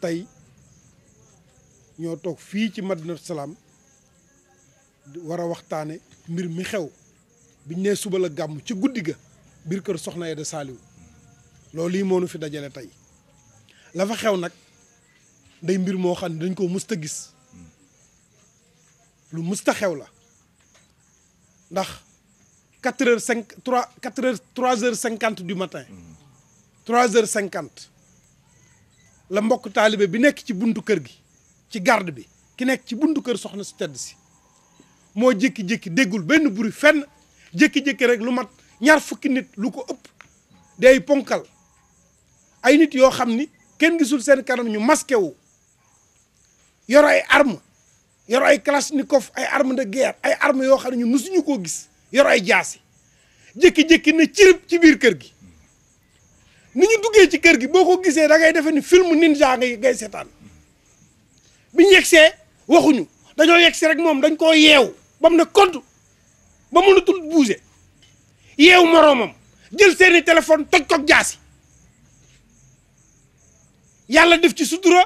tey ñoo toog fii ci Madinatu Salaam war a waxtaane mbir mi xew biñ nee suba la gàmm ci guddi ga biir kër Soxna Aida Saliou loolu yi moonu fi dajale tey la fa xew nag day mbir moo xam ne dañ koo musta gis lu musta xew la ndax quatre heures cinq trois quatre heures cinquante du matin mm. trois heures cinquante la mbokk taalibe bi nekk ci buntu kër gi ci garde bi ki nekk ci buntu kër soxna su tedd si moo jékki-jékki déggul benn bruit fenn jékki-jékki rek lu mat ñaar fukki nit lu ko ëpp day ponkal ay nit yoo xam ni kenn gisul seen kanam ñu masqué yor ay arm yor ay kalachnikov ay arme de guerre ay arme yoo xam ne ñu musuñu koo gis yor ay jaasi jékki-jékki ne cirib ci biir kër gi ni ñu duggee ci kër gi boo ko gisee da ngay defe ni film ninja ngay ngay seetaan bi ñu yegsee waxuñu dañoo yegsi rek moom dañ koo yeew ba mu ne kont ba mu mënatul bouger yeew moroomam jël seeni téléphone toj ko jaasi yàlla def ci sutura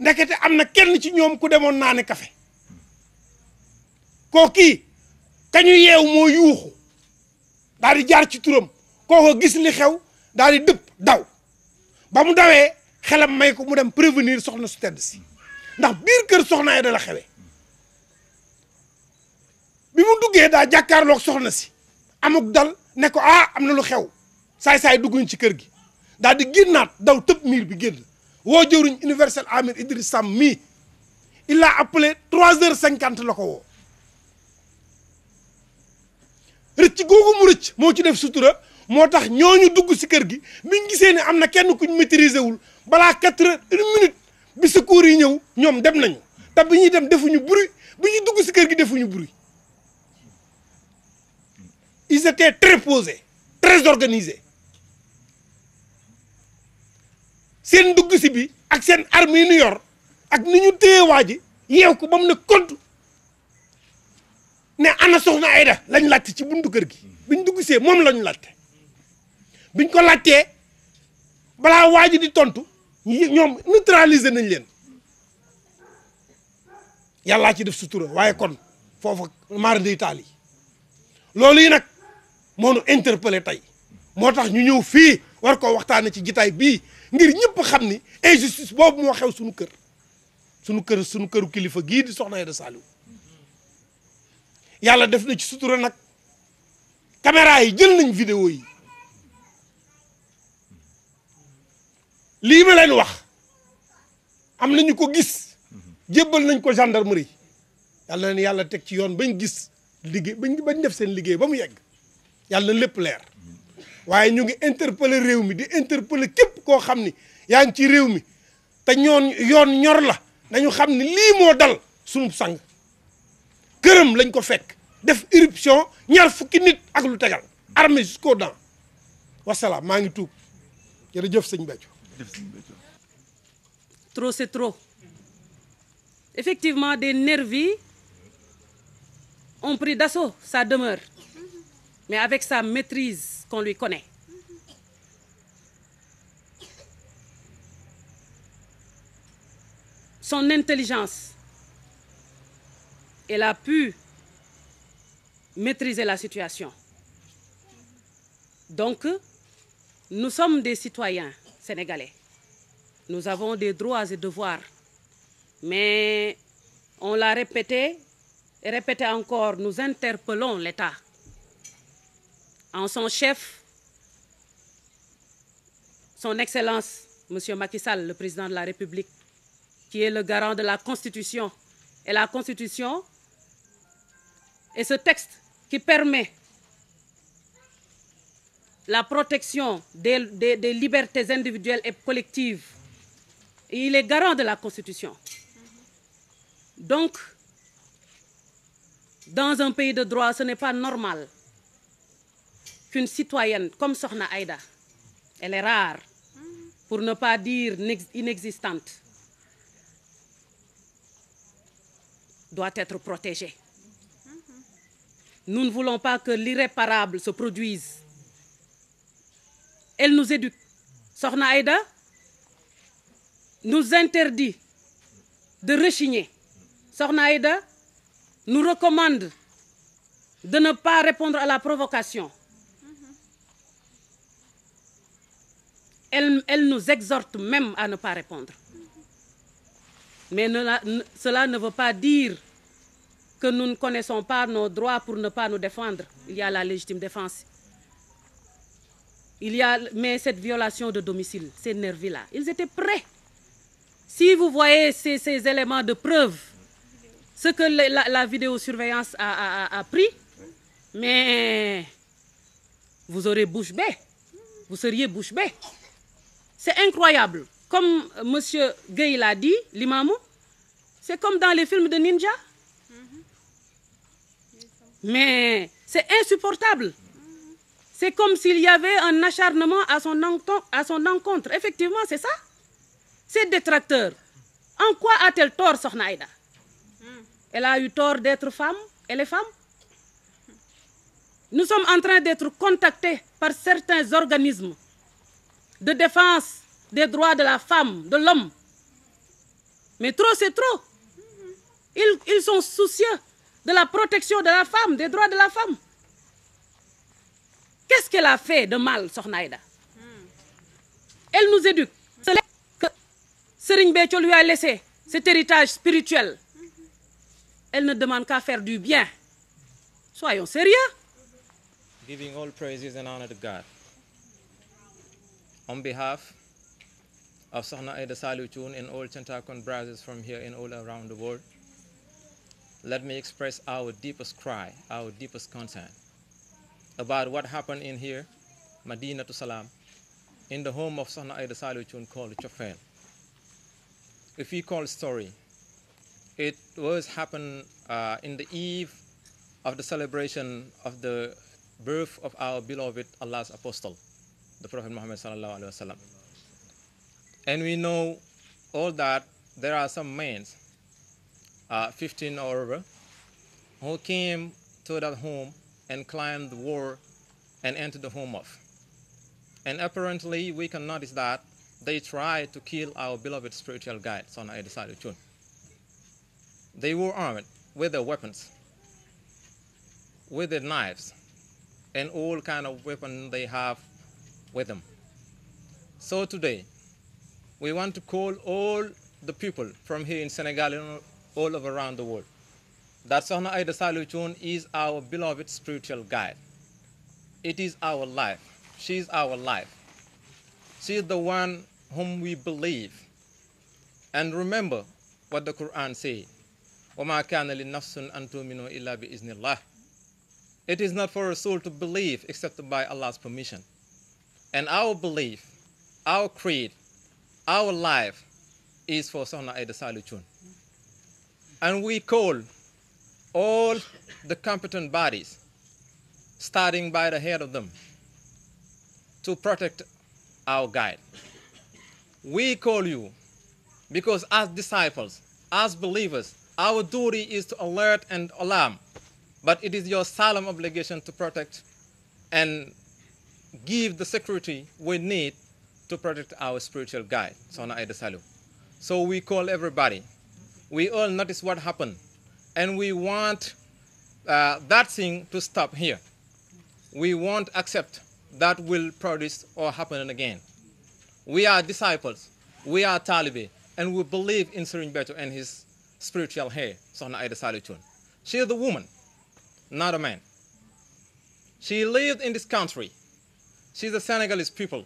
ndekete am na kenn ci ñoom ku demoon naani kafe koo kii kañu yeew moo yuuxu daal di jaar ci turam kooko gis li xew daal di dëpp daw ba mu dawee xelam may ko mu dem prévenir soxna su tedd si ndax biir kër soxna yi da la xewee bi mu duggee daa jàkkaarloog soxna si amuk dal ne ah am na lu xew saay-saay dugguñ ci kër gi daal di génnaat daw tëb miir bi génn woo jëwriñ universel Amir Idriss Sam mii il l'a appelé trois heures cinquante la ko woo rëcc googu mu rëcc moo ci def sutura moo tax ñooñu dugg si kër gi biñ gisee ne am na kenn kuñ maîtriser wul balaa quatre heures une minute bi secours yi ñëw ñoom dem nañu te bi ñuy dem defuñu bruit bi ñu dugg si kër gi defuñu buri ils étaient très posés très organisés seen dugg si bi ak seen arme yi yor ak ni ñu téye waa ji yeew ko ba mu ne kont ne ana soxna Aida lañ laajte ci buntu kër gi biñ dugg see moom lañu laajte biñ ko laajtee balaa waa ji di tontu ñoom neutraliser nañ leen yàllaa ci def sutura waaye kon foofu maar day taal yi loolu yi nag moo nu interpellé tey moo tax ñu ñëw fii war koo waxtaane ci jitaay bii ngir ñëpp xam ni injustice boobu moo xew suñu kër sunu kër suñu këru kilifa gii di soxna Aida Saliou yàlla def na ci sutura nag caméra yi jël nañ vidéo yi Lima ma leen wax am nañu ko gis jébbal nañ ko gendarmerie yàlla na leen yàlla teg ci yoon bañ gis liggéey bañ bañ def seen liggéey ba mu yegg yàlla na leer waaye ñu ngi interpeller réew mi di interpeller képp ko xam ni yaa ngi ci réew mi te ñoon yoon ñor la nañu xam ni lii dal sunu sang kerem lañ ko fekk def éruption ñaar fukki nit ak lu tegal armée kodang, wasala wasalaam maa ngi tuub jërëjëf sëñ Trop, c'est trop. Effectivement, des nervis ont pris d'assaut sa demeure, mais avec sa maîtrise qu'on lui connaît. Son intelligence, elle a pu maîtriser la situation. Donc, nous sommes des citoyens sénégalais. Nous avons des droits et devoirs, mais on l'a répété et répété encore, nous interpellons l'État en son chef, son Excellence, M. Macky Sall, le président de la République, qui est le garant de la Constitution. Et la Constitution est ce texte qui permet la protection des, libertés individuelles et collectives. Et il est garant de la Constitution. Donc, dans un pays de droit, ce n'est pas normal qu'une citoyenne comme Sohna Aïda, elle est rare, pour ne pas dire inexistante, doit être protégée. Nous ne voulons pas que l'irréparable se produise elle nous éduque Sornaïda nous interdit de rechigner Sornaïda nous recommande de ne pas répondre à la provocation elle nous exhorte même à ne pas répondre mais cela ne veut pas dire que nous ne connaissons pas nos droits pour ne pas nous défendre il y a la légitime défense il y a, mais cette violation de domicile, ces nervis-là, ils étaient prêts. Si vous voyez ces, éléments de preuve, ce que la, vidéosurveillance a, a, pris, mais vous aurez bouche bée. Vous seriez bouche bée. C'est incroyable. Comme M. Gueye l'a dit, l'imamou, c'est comme dans les films de ninja. Mm-hmm. Mais c'est insupportable. C'est comme s'il y avait un acharnement à son, encontre. Effectivement, c'est ça. Ces détracteurs. En quoi a-t-elle tort, Sohnaïda hmm. Elle a eu tort d'être femme. Elle est femme. Nous sommes en train d'être contactés par certains organismes de défense des droits de la femme, de l'homme. Mais trop, c'est trop. Hmm. ils sont soucieux de la protection de la femme, des droits de la femme. Qu'est-ce qu'elle a fait de mal, Sornaïda Elle nous éduque. C'est que Serigne lui a laissé cet héritage spirituel. Elle ne demande qu'à faire du bien. Soyons sérieux. Giving all praises and honor to God. On behalf of Sohna et Salutun and all Tentacon brothers from here and all around the world, let me express our deepest cry, our deepest concern about what happened in here, Medina to Salam, in the home of Sahna Aida salutun called Chafan. If you call story, it was happened uh, in the eve of the celebration of the birth of our beloved Allah's apostle, the Prophet Muhammad sallallahu alaihi wasallam. And we know all that there are some men, uh, 15 or over, who came to that home and climb the wall and enter the home of. And apparently, we can notice that they tried to kill our beloved spiritual guide, Sona Edisadu Chun. They were armed with their weapons, with their knives, and all kind of weapons they have with them. So today, we want to call all the people from here in Senegal and all over around the world that Sohna Aida Salutun is our beloved spiritual guide. It is our life. She is our life. She is the one whom we believe. And remember what the Quran says. وَمَا كَانَ لِنَفْسٌ أَن تُؤْمِنُوا إِلَّا بِإِذْنِ اللَّهِ It is not for a soul to believe except by Allah's permission. And our belief, our creed, our life is for Sohna Aida Salutun. And we call all the competent bodies, starting by the head of them, to protect our guide. We call you because as disciples, as believers, our duty is to alert and alarm, but it is your solemn obligation to protect and give the security we need to protect our spiritual guide, Sona Aida Salu. So we call everybody. We all notice what happened and we want uh, that thing to stop here. We won't accept that will produce or happen again. We are disciples. We are Taliban. And we believe in Surin Beto and his spiritual hair, Sohna Aida Salitun. She is a woman, not a man. She lived in this country. She's a Senegalese people.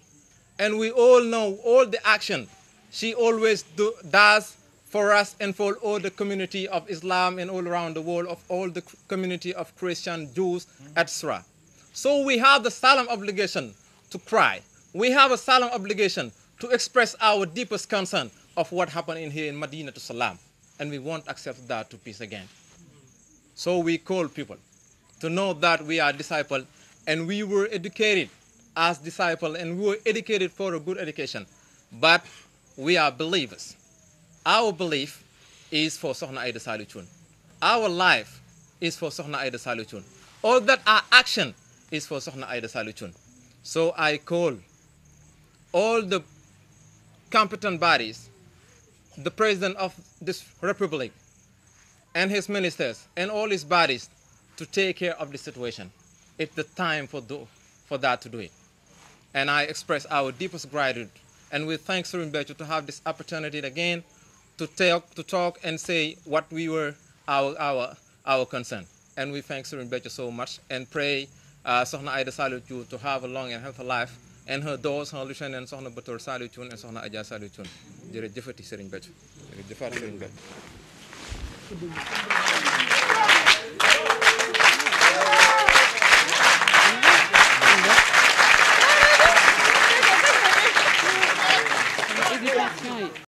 And we all know all the action she always do, does for us and for all the community of Islam and all around the world, of all the community of Christian, Jews, etc. So we have the solemn obligation to cry. We have a solemn obligation to express our deepest concern of what happened in here in Medina to Salam. And we won't accept that to peace again. So we call people to know that we are disciples and we were educated as disciples and we were educated for a good education. But we are believers. Our belief is for Sohna Aida Salutun. Our life is for Sohna Aida Salutun. All that our action is for Sohna Aida Salutun. So I call all the competent bodies, the president of this republic, and his ministers, and all his bodies to take care of the situation. It's the time for, do, for that to do it. And I express our deepest gratitude and we thank Surin Becho to have this opportunity again to talk, to talk and say what we were, our, our, our concern. And we thank Surin Becher so much and pray uh, Sohna Aida Salutun to have a long and healthy life and her daughters, her Lucien and Sohna Bator Salutun and Sohna Aja Salutun. Jërëjëfati Serigne Sirin jërëjëfaat Serigne Béthio